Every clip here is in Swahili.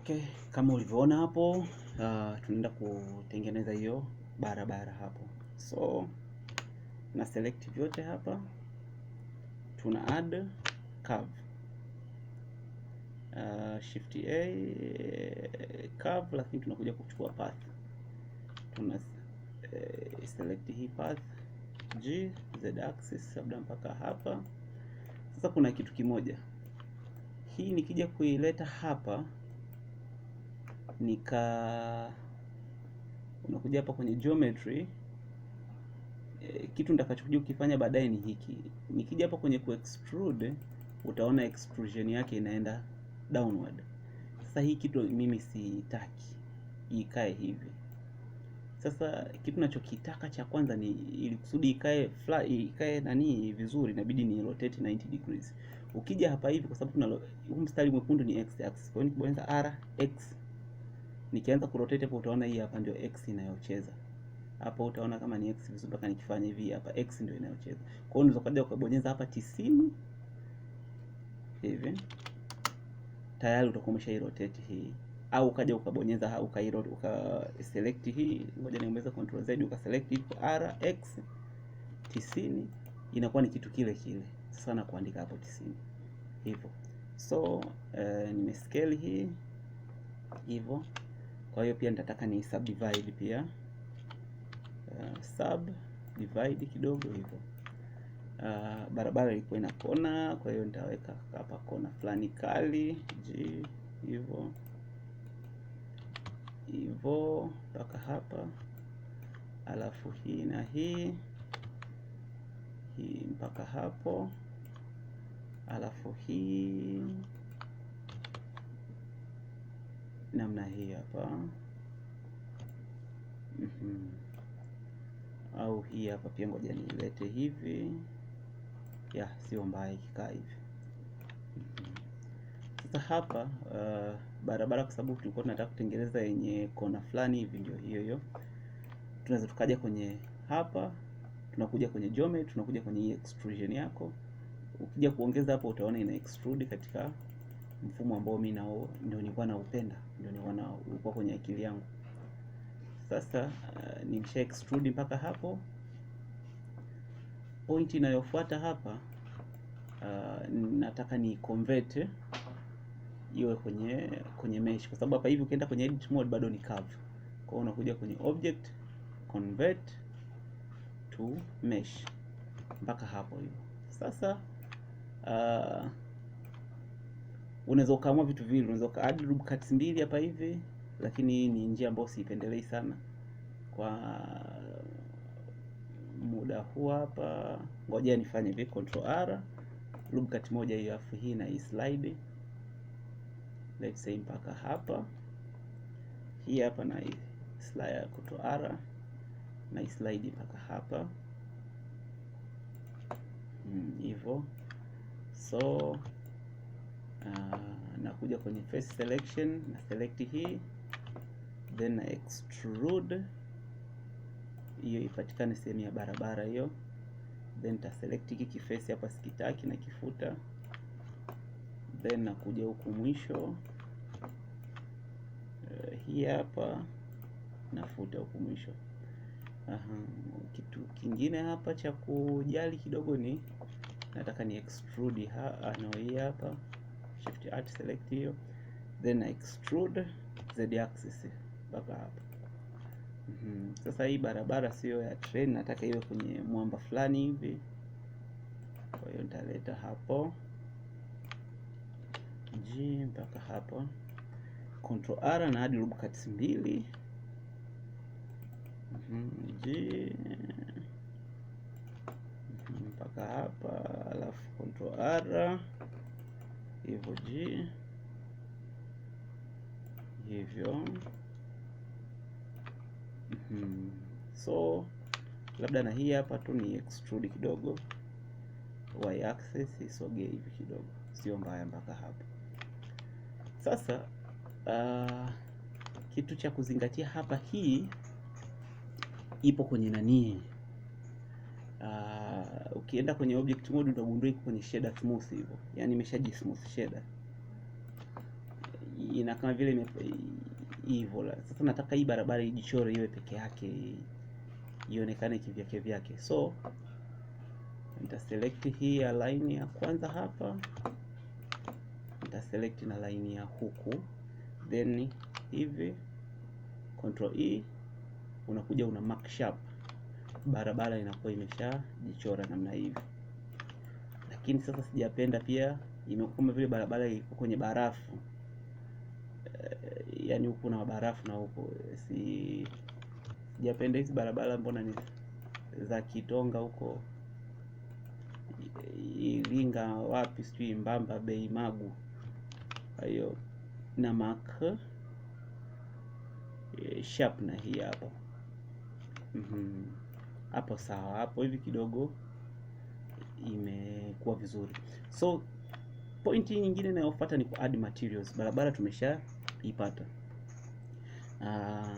Okay, kama ulivyoona hapo uh, tunaenda kutengeneza hiyo barabara hapo, so na select vyote hapa, tuna add curve uh, shift a curve, lakini tunakuja kuchukua path, tuna uh, select hii path g z axis labda mpaka hapa. Sasa kuna kitu kimoja, hii nikija kuileta hapa nika unakuja hapa kwenye geometry eh, kitu nitakachokuja ukifanya baadaye ni hiki. Nikija hapa kwenye ku extrude, utaona extrusion yake inaenda downward. Sasa hii kitu mimi sitaki ikae hivi. Sasa kitu nachokitaka cha kwanza ni ili kusudi ikae ikae nani vizuri, inabidi ni rotate 90 degrees. Ukija hapa hivi, kwa sababu tuna mstari mwekundu ni x axis, kwa hiyo nikibonyeza r x Nikianza kurotate hapo, utaona hii hapa ndio x inayocheza hapo, utaona kama ni x vizuri, mpaka nikifanya hivi hapa x ndio inayocheza. Kwa hiyo unaweza kaja ukabonyeza hapa 90 hivi, tayari utakuwa umesha rotate hii, au ukaja ukabonyeza uka select hii, ngoja niongeze control z, uka select hii r x 90 inakuwa ni kitu kile kile Sasa na kuandika hapo 90. hivyo. So uh, nimescale hii hivyo kwa hiyo pia nitataka ni subdivide pia uh, divide kidogo hivyo. Uh, barabara ilikuwa ina kona, kwa hiyo nitaweka hapa kona fulani kali G hivyo hivyo mpaka hapa, alafu hii na hii hii mpaka hapo, alafu hii namna hii hapa mhm. au hii hapa pia, ngoja nilete hivi ya sio mbaya ikikaa hivi sasa hapa uh, barabara kwa sababu tulikuwa tunataka kutengeneza yenye kona fulani hivi, ndio hiyo hiyo. Tunaweza tukaja kwenye hapa, tunakuja kwenye geometry, tunakuja kwenye hii extrusion yako. Ukija kuongeza hapo, utaona ina extrude katika mfumo ambao mimi nao ndio nilikuwa naupenda, ndio nilikuwa na ulikuwa kwenye akili yangu. Sasa uh, eh, nikisha extrude mpaka hapo, point inayofuata hapa uh, nataka ni convert iwe kwenye kwenye mesh, kwa sababu hapa hivi ukienda kwenye edit mode bado ni curve. Kwa hiyo unakuja kwenye object convert to mesh mpaka hapo hiyo. Sasa uh, unaweza ukaamua vitu vile, unaweza add loop cuts mbili hapa hivi, lakini hii ni njia ambayo siipendelei sana kwa muda huu hapa. Ngoja nifanye hivi, control r loop cut moja hiyo, afu hii na hii slide let's say mpaka hapa, hii hapa na hii slide, control r na hii slide mpaka hapa hivyo, hmm, so Uh, nakuja kwenye face selection na select hii then na extrude hiyo ipatikane sehemu ya barabara hiyo, then ta select hiki kifesi hapa sikitaki na kifuta, then nakuja huku mwisho uh, hii hapa nafuta huku mwisho. Aha, kitu kingine hapa cha kujali kidogo ni nataka ni extrude ha, ah, hii hapa shift alt select hiyo, then extrude z axis mpaka hapa mm -hmm. Sasa hii barabara siyo ya train, nataka iwe kwenye mwamba fulani hivi, kwa hiyo nitaleta hapo G mpaka hapo, control R na hadi loop cuts mbili. mm -hmm. G mhm. mpaka hapa, alafu control R pivot G hivyo -hmm. So labda na hii hapa tu ni extrude kidogo, y axis isogee hivi kidogo, sio mbaya mpaka hapo. Sasa uh, kitu cha kuzingatia hapa, hii ipo kwenye nani uh, ukienda kwenye object mode utagundua iko kwenye shader smooth hivyo, yani imeshaji smooth shader, ina kama vile hivyo. Sasa nataka hii barabara ijichore iwe peke yake, ionekane kivyake vyake, so nitaselect hii ya line ya kwanza hapa, nitaselect na line ya huku, then hivi control e, unakuja una mark sharp barabara inakuwa imeshajichora namna hivi. Lakini sasa sijapenda pia, imekuwa vile barabara iko kwenye barafu e, yani huku na barafu na huko si, sijapenda hizi barabara, mbona ni za Kitonga huko Iringa wapi sijui Mbamba bei Magu. Kwa hiyo na mark eh, sharp na hii hapa mm -hmm hapo sawa, hapo hivi kidogo imekuwa vizuri. So pointi nyingine inayofuata ni ku add materials. Barabara tumesha ipata Uh, ah,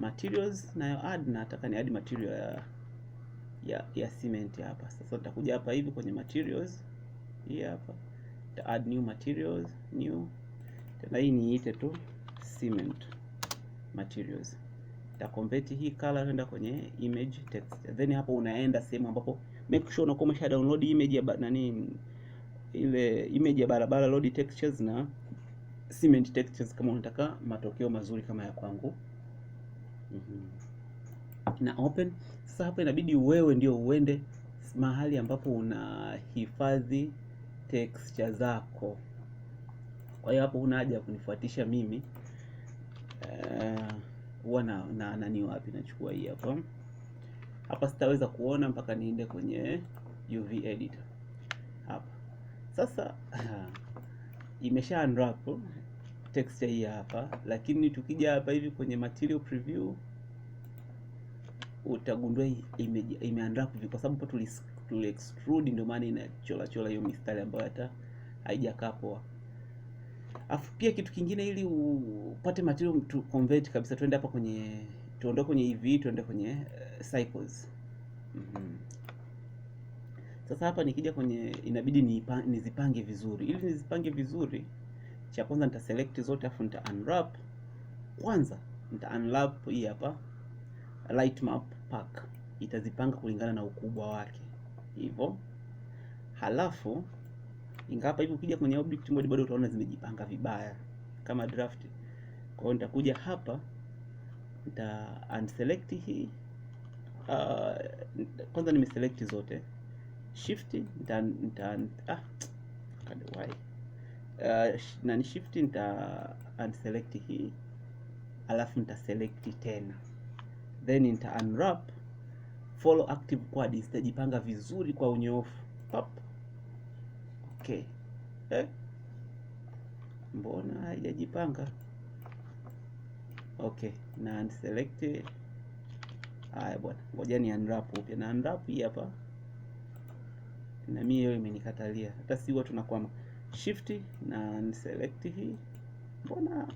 materials nayo add, nataka ni add material ya ya, ya cement hapa. Sasa nitakuja hapa hivi kwenye materials hii hapa ta add new materials, new tena hii niite tu cement materials ta convert hii color kwenda kwenye image text, then hapo unaenda sehemu ambapo make sure unakuwa umesha download image ya nani, ile image ya barabara load textures na cement textures, kama unataka matokeo mazuri kama ya kwangu. mm -hmm. na open. Sasa hapo inabidi wewe ndio uende mahali ambapo unahifadhi texture zako. Kwa hiyo hapo huna haja ya kunifuatisha mimi uh, huwa na, na nani wapi nachukua hii hapa hapa, sitaweza kuona mpaka niende kwenye UV editor hapa. Sasa imesha unwrap texture hii hapa, lakini tukija hapa hivi kwenye material preview utagundua ime unwrap hivi, kwa sababu tuli extrude, ndio maana inachola chola hiyo mistari ambayo hata haijakaa poa. Afu pia kitu kingine, ili upate material to convert kabisa, tuende hapa kwenye, tuondoke kwenye EV tuende kwenye uh, cycles mm -hmm. Sasa hapa nikija kwenye, inabidi nizipange vizuri. Ili nizipange vizuri, cha kwanza nita select zote, afu nita unwrap kwanza. Nita unwrap hii hapa light map pack, itazipanga kulingana na ukubwa wake hivyo, halafu ingawa hapa hivi ukija kwenye object mode bado utaona zimejipanga vibaya kama draft. Kwa hiyo nitakuja hapa nita unselect hii uh, kwanza nimeselect zote shift nita, nita, ah, why uh, ah, na ni shift nita unselect hii alafu nita select tena then nita unwrap follow active quad zitajipanga vizuri kwa unyoofu pap yake eh? Mbona haijajipanga? Okay, na unselect haya bwana, ngoja ni unwrap upya na unwrap hii hapa, na mimi hiyo imenikatalia, hata si huwa tunakwama. Shift na unselect hii, mbona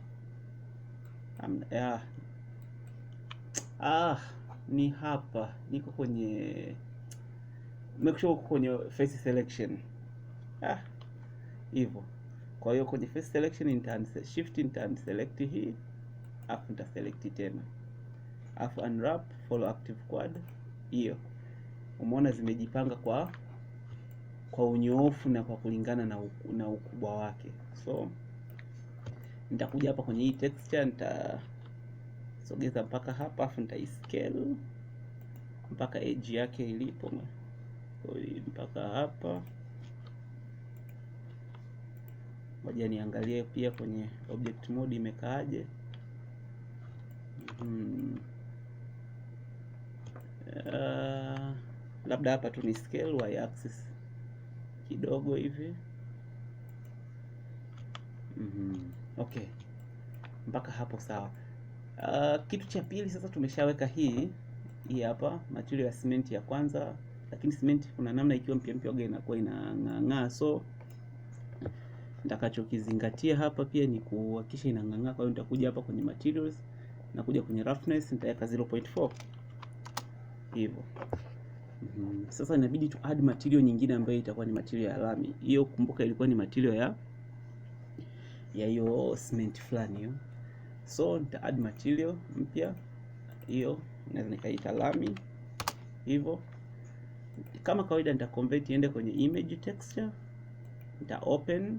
ah. Ah, ni hapa niko kwenye make sure uko kwenye face selection Ah, hivyo. Kwa hiyo kwenye face selection nita shift nita select hii afu nita select tena afu unwrap follow active quad hiyo. Umeona zimejipanga kwa kwa unyoofu na kwa kulingana na, uku, na ukubwa wake. So nitakuja hapa kwenye hii texture nitasogeza mpaka hapa afu scale mpaka edge yake ilipo mpaka hapa. Ngoja niangalie pia kwenye object mode imekaaje. Hmm. Uh, labda hapa tu ni scale y axis kidogo hivi. Mm -hmm. Okay, mpaka hapo sawa. Uh, kitu cha pili sasa tumeshaweka hii hii hapa material ya simenti ya kwanza, lakini simenti kuna namna ikiwa mpya mpya inakuwa inang'aa, so Nitakachokizingatia hapa pia ni kuhakikisha inang'aa. Kwa hiyo nitakuja hapa kwenye materials na kuja kwenye roughness nitaweka 0.4 hivyo. Mm -hmm. Sasa inabidi tu add material nyingine ambayo itakuwa ni material ya lami. Hiyo kumbuka ilikuwa ni material ya ya hiyo cement fulani hiyo. So nita add material mpya hiyo naweza nikaita lami hivyo. Kama kawaida nita convert iende kwenye image texture, nita open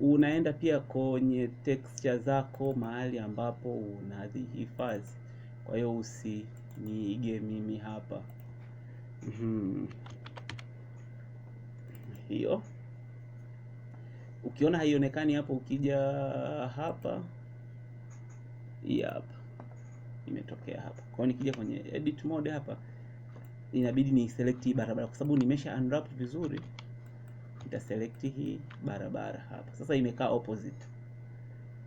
Unaenda pia kwenye texture zako mahali ambapo unazihifadhi. Kwa hiyo usiniige mimi hapa mm Hiyo ukiona haionekani hapo, ukija hapa hii hapa imetokea hapa. Kwa hiyo nikija kwenye edit mode hapa, inabidi ni select hii barabara, kwa sababu nimesha unwrap vizuri nitaselect hii barabara hapa. Sasa imekaa opposite.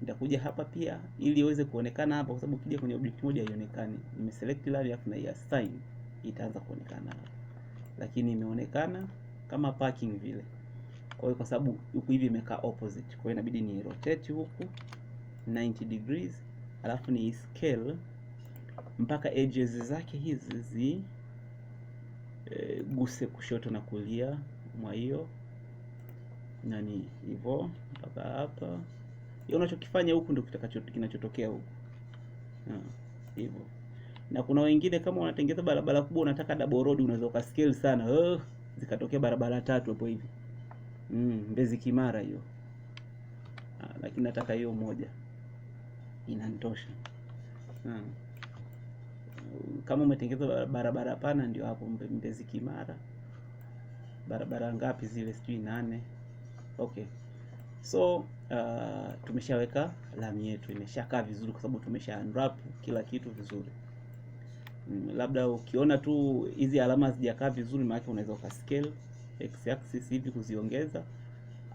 Nitakuja hapa pia ili iweze kuonekana hapa, kwa sababu ukija kwenye object moja haionekani. Nimeselect line alafu na assign, itaanza kuonekana hapa, lakini imeonekana kama parking vile. Kwa hiyo kwa sababu huku hivi imekaa opposite, kwa hiyo inabidi ni rotate huku 90 degrees, alafu ni scale mpaka edges zake hizi zi e, guse kushoto na kulia mwa hiyo nani hivyo mpaka hapa. Hiyo unachokifanya huku ndio kinachotokea huku hivyo. Na kuna wengine kama unatengeneza barabara kubwa, unataka double road, unaweza ukascale sana oh, zikatokea barabara tatu hapo hivi mm, Mbezi Kimara hiyo, lakini nataka hiyo moja inanitosha. Kama umetengeneza barabara pana, ndio hapo Mbezi Kimara. Barabara ngapi zile? Sijui nane Okay, so uh, tumeshaweka lami yetu imeshakaa vizuri, kwa sababu tumesha unwrap kila kitu vizuri. Mm, labda ukiona tu hizi alama zijakaa vizuri, maana unaweza scale x axis hivi kuziongeza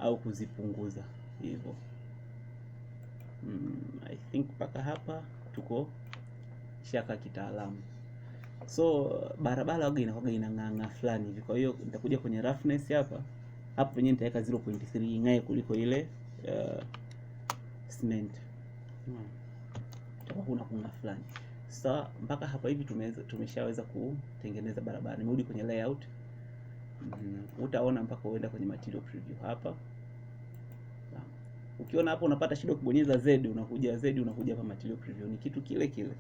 au kuzipunguza hivyo. Mm, I think mpaka hapa tuko shaka kitaalamu. So barabara waga inakuwaga inang'ang'a fulani hivi, kwa hiyo nitakuja kwenye roughness hapa hapo penyewe nitaweka 0.3 ing'ae kuliko ile uh, cement hmm. kuna kuna fulani sasa. So, mpaka hapa hivi tumeweza tumeshaweza kutengeneza barabara. Nimerudi kwenye layout mm, Utaona mpaka uenda kwenye material preview hapa Ukiona hapo unapata shida kubonyeza Z, unakuja Z, unakuja hapa material preview, ni kitu kile kile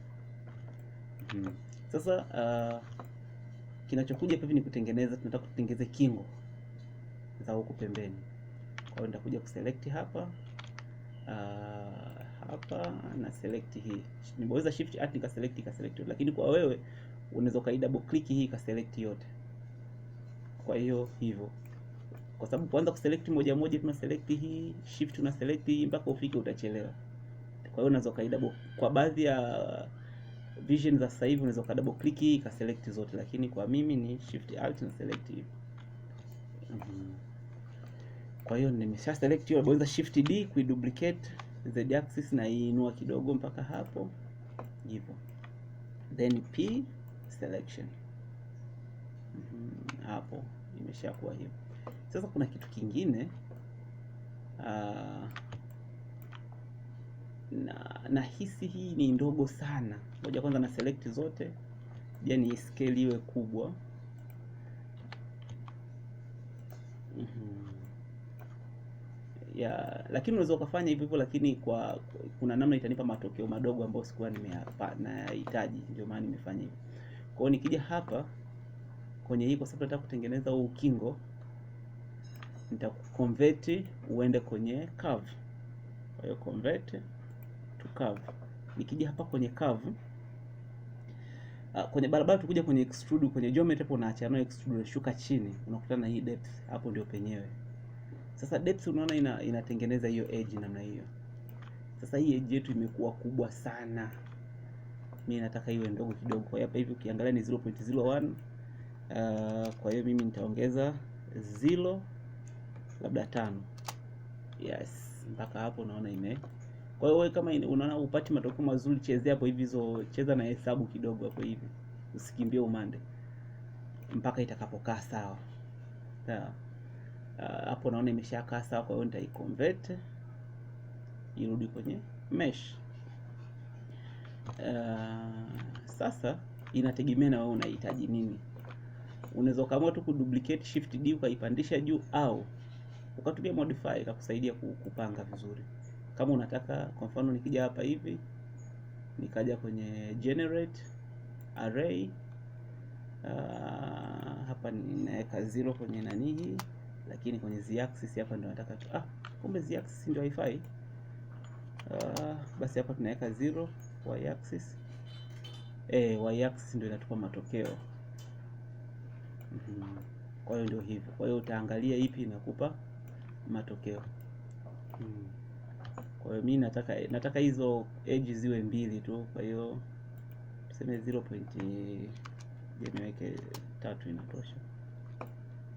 mm -hmm. Sasa uh, kinachokuja hivi ni kutengeneza, tunataka kutengeneza kingo za huku pembeni. Kwa hiyo nitakuja kuselect hapa uh, hapa na select hii. Nimeweza shift alt nika select ika select yote, lakini kwa wewe unaweza ka double click hii ika select yote. Kwa hiyo hivyo, kwa sababu kuanza kuselect moja moja, tuna select hii shift, una select hii mpaka ufike, utachelewa. Kwa hiyo unaweza ka double, kwa baadhi ya vision za sasa hivi unaweza ka double click hii ika select zote, lakini kwa mimi ni shift alt na select hivi. mm -hmm. Kwa hiyo nimesha select hiyo, bonyeza shift D duplicate z axis na iinua kidogo mpaka hapo hivyo, then P selection mm -hmm. Hapo imeshakuwa hivyo. Sasa kuna kitu kingine uh, na nahisi hii ni ndogo sana. Ngoja kwanza na select zote, je, ni scale iwe kubwa mm -hmm ya lakini unaweza ukafanya hivyo hivyo, lakini kwa kuna namna itanipa matokeo madogo ambayo sikuwa nimeyahitaji, ndio maana nimefanya hivyo. Kwa hiyo nikija hapa kwenye hii, kwa sababu nataka kutengeneza huu ukingo, nitakuconvert uende kwenye curve. Kwa hiyo convert to curve, nikija hapa kwenye curve ah, kwenye barabara tukuja kwenye extrude, kwenye geometry hapo unaachana na extrude, unashuka chini unakutana na hii depth, hapo ndio penyewe. Sasa depth unaona ina, inatengeneza hiyo edge namna hiyo. Sasa hii edge yetu imekuwa kubwa sana, mimi nataka iwe ndogo kidogo. Kwa hiyo hapa hivi ukiangalia ni 0.01. Uh, ah, kwa hiyo mimi nitaongeza 0 labda tano. Yes, mpaka hapo unaona ime. Kwa hiyo wewe kama unaona upati matokeo mazuri, chezea hapo hivi hizo, cheza na hesabu kidogo hapo hivi, usikimbie umande mpaka itakapokaa sawa, sawa. Ah, hapo uh, naona imeshakaa sawa, kwa hiyo nitai convert irudi kwenye mesh. Uh, sasa inategemea na wewe unahitaji nini. Unaweza ukaamua tu kuduplicate shift D ukaipandisha juu au ukatumia modify ikakusaidia kupanga vizuri. Kama unataka kwa mfano, nikija hapa hivi nikaja kwenye generate array uh, hapa ninaweka zero kwenye nani hii lakini kwenye z axis hapa ndio nataka tu ah, kumbe z axis ndio haifai. Ah, basi hapa tunaweka 0 y axis eh, y axis ndio inatupa matokeo. Mm -hmm. Kwa hiyo ndio hivyo. Kwa hiyo utaangalia ipi inakupa matokeo. Mm. Kwa hiyo mimi nataka nataka hizo edge ziwe mbili tu, kwa hiyo tuseme 0. point, Je, eh, niweke tatu inatosha.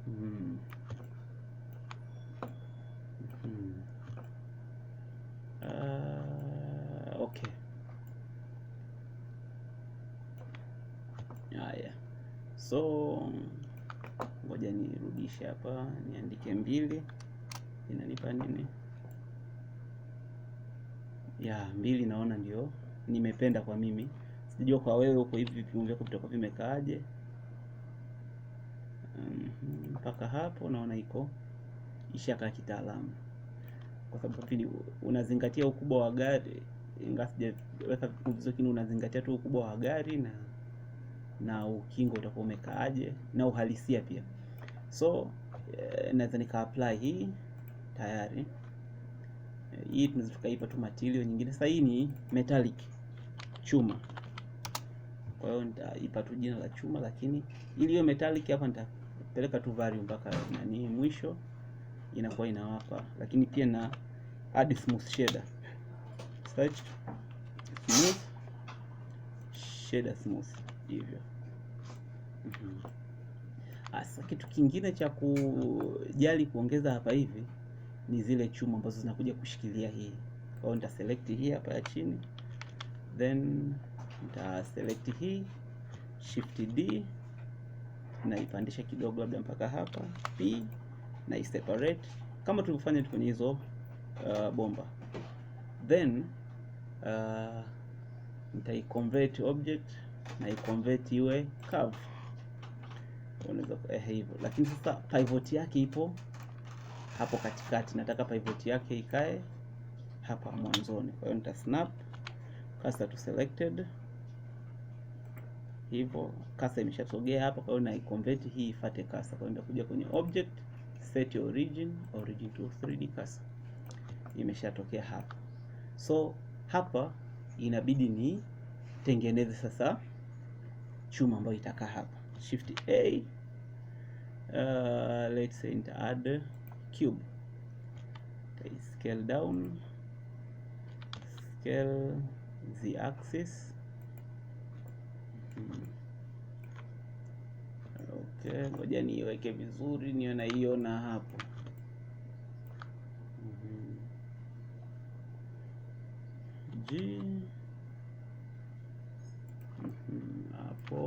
Mm. uh, okay haya so ngoja nirudishe hapa niandike mbili inanipa nini ya mbili naona ndio nimependa kwa mimi sijua kwa wewe huko hivi vipimo vyako vitakuwa vimekaaje mm-hmm. mpaka hapo naona iko ishakaa kitaalamu kwa sababu unazingatia ukubwa wa gari, ingawa sijaweka vipimo lakini unazingatia tu ukubwa wa gari na na ukingo utakuwa umekaaje na uhalisia pia. So eh, naweza nika apply hii tayari eh, hii tunaweza tukaipa tu material nyingine. Sasa hii ni metallic chuma, kwa hiyo nitaipa tu jina la chuma, lakini ili hiyo metallic hapa nitapeleka tu value mpaka nani mwisho inakuwa inawapa, lakini pia na add smooth shader. Search smooth shader smooth hivyo. Mhm. Ah, Asa, kitu kingine cha kujali kuongeza hapa hivi ni zile chuma ambazo zinakuja kushikilia hii. Kwa hiyo nita select hii hapa ya chini then nita select hii shift D naipandisha kidogo labda mpaka hapa P na iseparate kama tulivyofanya kwenye hizo uh, bomba then uh, convert object na i convert iwe curve, unaweza eh, hivyo. Lakini sasa pivot yake ipo hapo katikati, nataka pivot yake ikae hapa mwanzoni. Kwa hiyo nita snap cursor to selected, hivyo cursor imeshasogea hapa. Kwa hiyo na i convert hii ifate cursor, kwa hiyo nitakuja kwenye object set origin origin to 3D cursor imeshatokea hapa. So hapa inabidi ni tengeneze sasa chuma ambayo itakaa hapa. Shift A uh, let's say add cube, scale down, scale z axis mm -hmm. Okay, eh, ngoja niiweke vizuri, niwe naiona hapo. Mhm. G mhm, hapo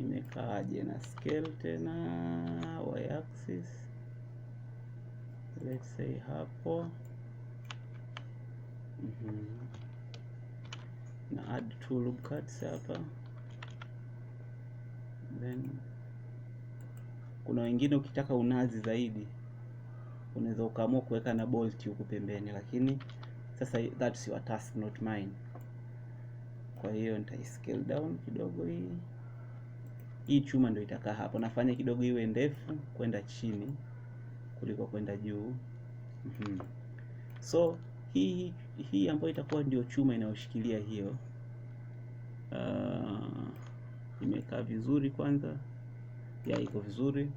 imekaaje? Na scale tena y axis, let's say hapo mhm. na add two loop cuts hapa Then kuna wengine ukitaka unazi zaidi, unaweza ukaamua kuweka na bolt huku pembeni, lakini sasa that's your task not mine. Kwa hiyo nita scale down kidogo hii hii chuma ndio itakaa hapo. Nafanya kidogo iwe ndefu kwenda chini kuliko kwenda juu. mm -hmm. So hii hii ambayo itakuwa ndio chuma inayoshikilia hiyo uh, imekaa vizuri. Kwanza ya iko vizuri,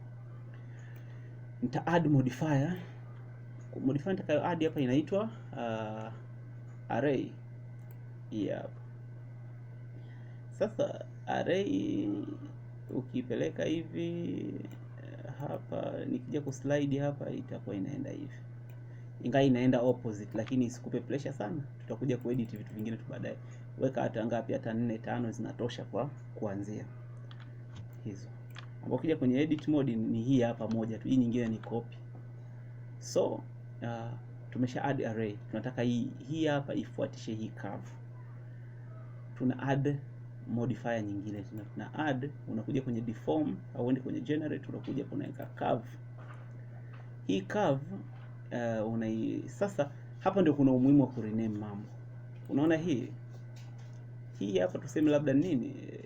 nita add modifier. Modifier nitakayo add hapa inaitwa uh, array yep. Sasa array ukipeleka hivi eh, hapa, nikija kuslide hapa itakuwa inaenda hivi, ingawa inaenda opposite, lakini isikupe pressure sana, tutakuja kuedit vitu vingine tu baadaye weka hata ngapi, hata nne tano zinatosha kwa kuanzia hizo. ukija kwenye edit mode ni hii hapa moja tu, hii nyingine ni copy. So uh, tumesha add array, tunataka hii hii hapa ifuatishe hii curve. Tuna add modifier nyingine tuna, tuna add, unakuja kwenye deform au uende kwenye generate, unakuja kunaweka curve hii curve uh, unai sasa, hapa ndio kuna umuhimu wa kurename mambo. Unaona hii hii hapa tuseme labda nini